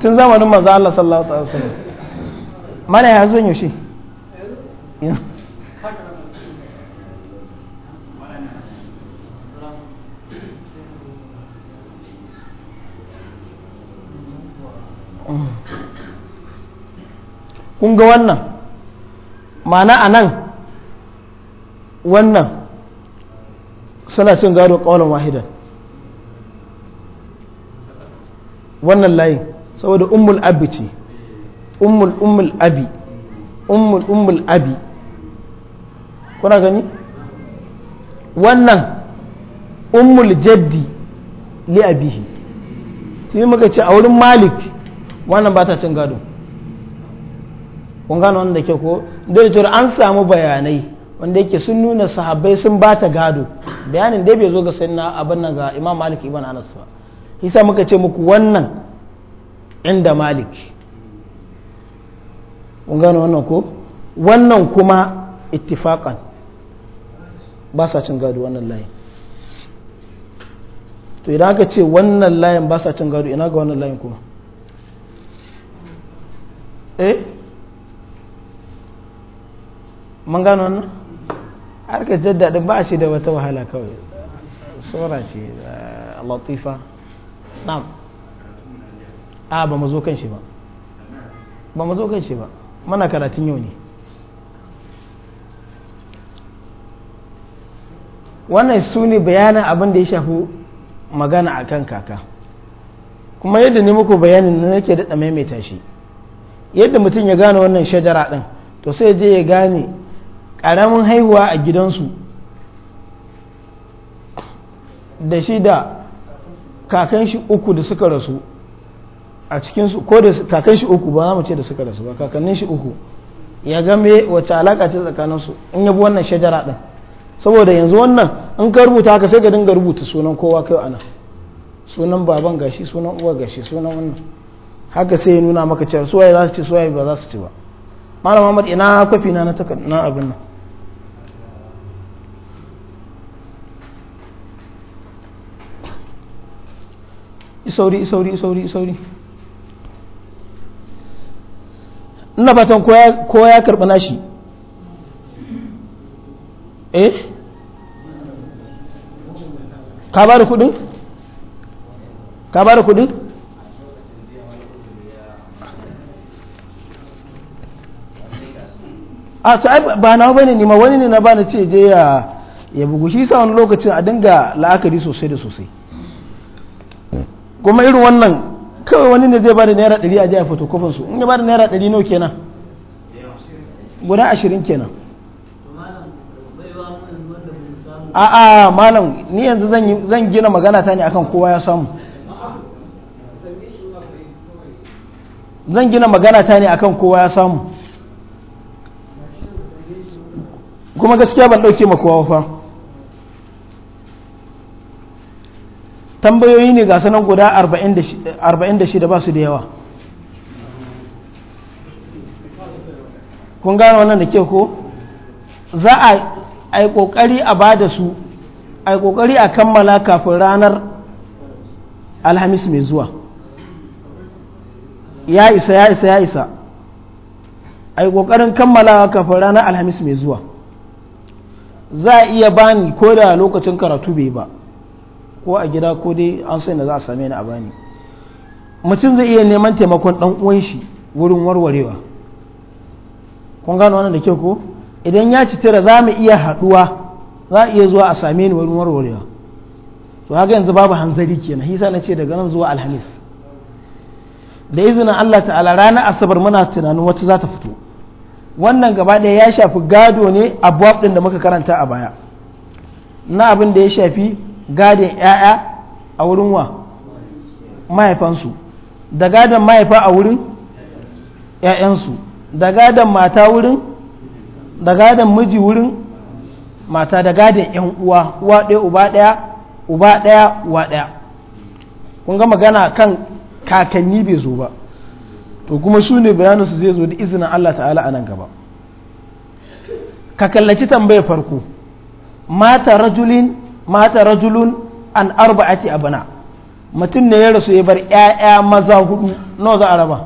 S1: tun zamanin manzo Allah sallallahu alaihi wasallam mana ya zo yaushe yanzu kun ga wannan ma'ana a nan wannan suna cin gado ƙaunar wahidan wannan layin saboda ummul abi ce ummul ummul abi ummul ummul abi kuna gani wannan ummul jaddi li abihi sai muka ce a wurin malik wannan ba ta cin gado kun gano wannan da ke ko dole an samu bayanai wanda yake sun nuna sahabbai sun ba ta gado bayanin dai bai zo ga sayyidina abin nan ga imam malik ibn anas ba yasa muka ce muku wannan inda malik kun gano wannan ko wannan kuma ittifaqan ba sa cin gado wannan layin to idan aka ce wannan layin ba sa cin gado ina ga wannan layin kuma eh mun gano wannan harkar jaddadin ba shi da wata wahala kawai tsora ce eh, latifa na'am a ba mu zo kan shi ba ba mu zo kan shi ba mana karatun yau ne wannan su ne bayanin abin da ya shafi magana a kan kaka kuma yadda ne muku bayanin na nake daɗa maimaita shi yadda mutum ya gane wannan shajara ɗin to sai je ya gane ƙaramin haihuwa a gidansu da shi da kakan shi uku da suka rasu a cikinsu ko da kakan shi uku ba za mu ce da suka rasu ba kakannin shi uku ya game wacce alaƙa ce tsakaninsu in bi wannan shajara ɗin saboda yanzu wannan in ka rubuta haka sai ka dinga rubuta sunan kowa kai ana sunan baban gashi sunan uwa gashi sunan wannan haka sai ya nuna maka cewa suwaye za su ci suwaye ba za su ci ba malam Muhammad ina kwafi na na na abin nan isauri isauri isauri isauri ina fatan kowa ya karɓi nashi eh ka ba da kudin ka ba da kudin a to ai ba na bane ne ma wani ne na bani ce je ya ya bugu shi sa wani lokacin a dinga la'akari sosai da sosai kuma irin wannan kawai wani ne zai bada naira ɗari a jiya fotokofin su in ya bada naira ɗari nau kenan guda ashirin kenan
S2: a a malam
S1: ni yanzu zan gina magana ta ne akan kowa ya samu zan gina magana ta ne akan kowa ya samu kuma gaskiya ban ɗauke ma kowa fa tambayoyi ne ga sanan guda 46 ba su da yawa kun gano wannan da ke ko za a yi ƙoƙari a ba da su a yi ƙoƙari a kammala kafin ranar alhamis mai zuwa ya isa ya isa ya isa a yi ƙoƙarin kammalawa kafin ranar alhamis mai zuwa za a iya bani ko da lokacin karatu bai ba ko a gida ko dai an sai na za a same ni a bani mutum zai iya neman taimakon dan uwan shi wurin warwarewa kun gano wannan da kyau ko idan ya ci tira za mu iya haduwa za a iya zuwa a same ni wurin warwarewa to haka yanzu babu hanzari kenan hisa na ce daga nan zuwa alhamis da izinin Allah ta'ala ranar asabar muna tunanin wata za ta fito wannan gaba ɗaya ya shafi gado ne a abuwaf ɗin da muka karanta a baya na abin da ya shafi gadon 'ya'ya a wurin wa mahaifansu da gadon mahaifa a wurin 'ya'yansu da gadon mata wurin da gadon miji wurin mata da gadon 'yan uwa uwa ɗaya uba ɗaya uba ɗaya uwa ɗaya kun ga magana kan kakanni bai zo ba to kuma su ne bayaninsu zai zo da izinin Allah ta'ala a nan gaba ka kallaci tambayar farko mata rajulin mata rajulun an arba ake abana mutum ne ya rasu ya bar ‘ya’ya maza hudu nawa za a raba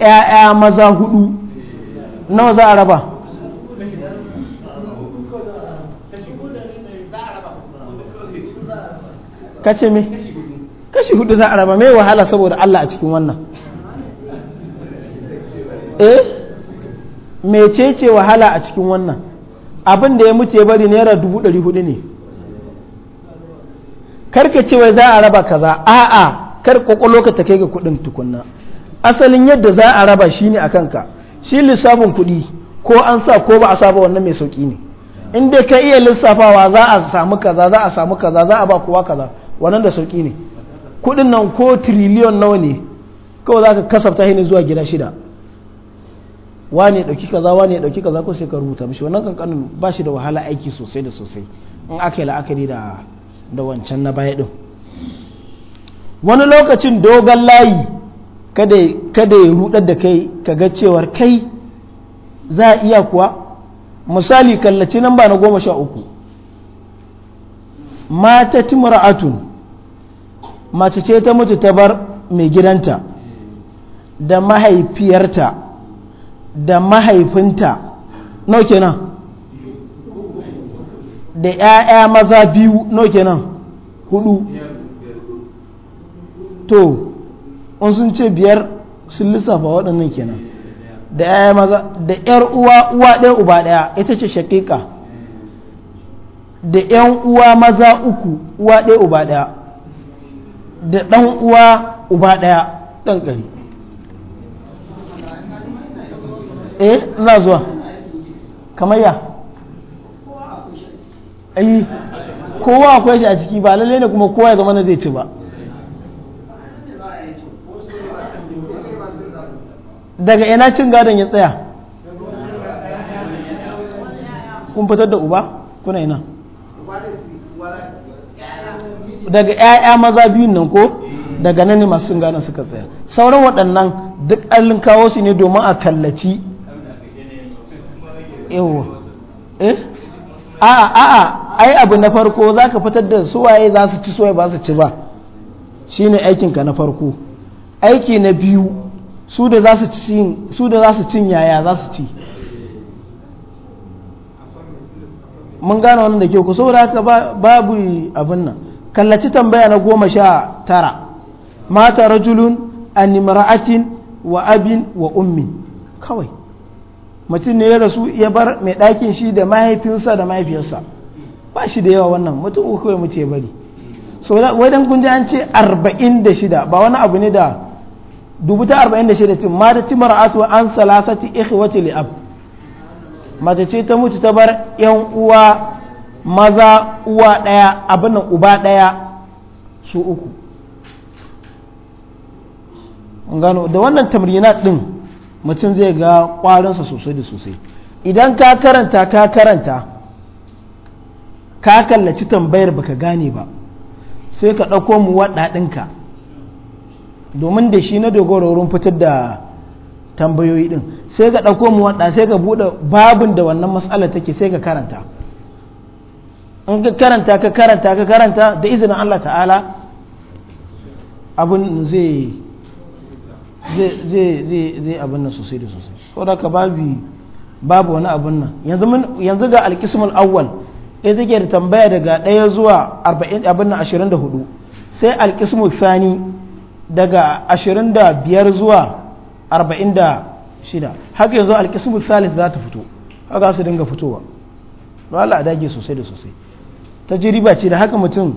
S2: ‘ya’ya maza
S1: hudu nawa za a raba kace me kashi hudu za a raba mai wahala saboda Allah a cikin wannan eh mecece wahala a cikin wannan abin da ya mutu ya bari naira dubu ɗari hudu ne karka ce wai za a raba kaza a'a kar kwakwalo ka ta kai ga kudin tukunna asalin yadda za a raba shi ne a kanka shi lissafin kuɗi ko an sa ko ba a saba wannan mai sauƙi ne in dai ka iya lissafawa za a samu kaza za a samu kaza za a ba kowa kaza wannan da sauƙi ne kudin nan ko triliyon nawa ne kawai za ka kasafta hini zuwa gida shida wani ya ɗauki kaza wani ya ɗauki kaza ko sai ka rubuta mishi wannan kankanin ba shi da wahala aiki sosai da sosai in aka yi la'akari da da wancan na baya ɗin wani lokacin dogon layi kada ya rudar da kai ka ga cewar kai za a iya kuwa misali kallaci nan ba na goma sha uku mata timura atun. mace ce ta mutu ta bar mai gidanta da mahaifiyarta da mahaifinta nau kenan da 'ya'ya maza biyu nau kenan hudu to in sun ce biyar sun lissafa waɗannan kenan da 'ya'ya maza da 'yar uwa uwa ɗaya uba ɗaya ita ce shakika da 'yan uwa maza uku uwa ɗaya uba ɗaya da ɗan uwa uba ɗaya ɗan ƙari eh ina zuwa kamar ya ayi kowa akwai shi a ciki ba lalle ne kuma kowa ya zama na zai ci ba
S2: daga ina cin gadon ya tsaya kun fitar
S1: da uba kuna ina daga 'ya'ya maza biyun nan ko daga nan ne masu gane suka tsaya sauran waɗannan duk allin kawo su ne domin a kallaci eh? a a ai abu na farko za ka fitar da suwaye za su ci suwaye ba su ci ba shi ne aikinka na farko aiki na biyu su da za su cin yaya za su ci mun gane wannan da ke ku saboda haka babu abin nan kallaci tambaya na goma sha tara mata rajulun an imra'atin wa abin wa ummin kawai mutum ne ya rasu ya bar mai ɗakin shi da mahaifinsa da mahaifiyarsa ba shi da yawa wannan mutum uku kawai mutu ya bari so wajen kun an ce arba'in da shida ba wani abu ne da dubu ta arba'in da shida tun mata ci mara'atu an salasati ikhwati li'ab mace ce ta mutu ta bar yan uwa maza uwa ɗaya abin uba ɗaya su uku gano da wannan tamrinat ɗin mutum zai ga ƙwarinsa sosai da sosai idan ka karanta ka karanta ka kallaci tambayar baka gane ba sai ka ɗauko mu waɗa ɗinka, domin da shi na dogororin fitar da tambayoyi ɗin sai ka ɗauko mu waɗa sai ka buɗe babin da wannan matsala take sai ka karanta in ka karanta ka karanta ka karanta da izinin Allah ta'ala abin zai zai abin nan sosai da sosai saboda da ka babu babu wani abin nan yanzu ga alkismul awwal ita take da tambaya daga ɗaya zuwa 40 abin nan ashirin da hudu sai alkismul sani daga ashirin da biyar zuwa 46 da shida haka yanzu alkismul thalith za ta fito haka su dinga fitowa wala a dage sosai da sosai tajiriba ce da haka mutum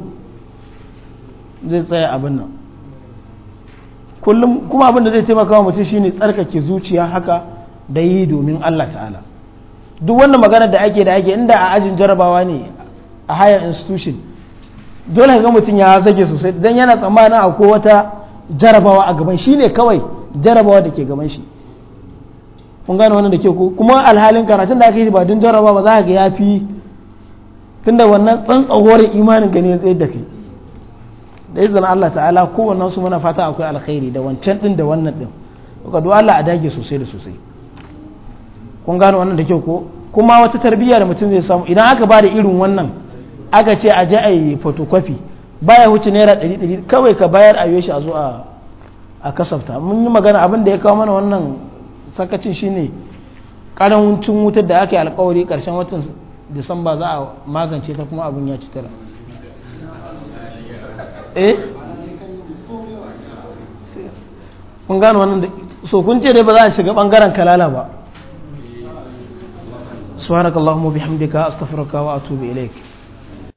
S1: zai tsaya abin nan kuma abin da zai taimaka wa mutum shine tsarkake zuciya haka da yi domin Allah ta'ala duk wannan magana da ake da ake inda a ajin jarabawa ne a higher institution dole ga mutum ya zage sosai don yana tsammanin akwai wata jarabawa a gaban shi ne kawai jarabawa da ke gaban shi kun gane wannan da ke ku kuma alhalin karatun da aka yi ba don jarabawa ba za ka ga ya fi tun da wannan tsantsawar imanin gani ya tsayar da kai da izinin Allah ta'ala kowannen su muna fata akwai alkhairi da wancan din da wannan din ka duwa Allah a dage sosai da sosai kun gano wannan da kyau ko kuma wata tarbiyya da mutum zai samu idan aka ba da irin wannan aka ce a je a yi photocopy baya huce naira ɗari ɗari kawai ka bayar a yoshi a zo a kasafta mun yi magana abin da ya kawo mana wannan sakacin shine karancin wutar da aka yi alkawari karshen watan disamba za a magance ta kuma abin ya ci tara eh kun gano wannan da so kun ce dai ba za a shiga bangaren kalala ba subhanakallahumma bihamdika astaghfiruka wa atubu ilaik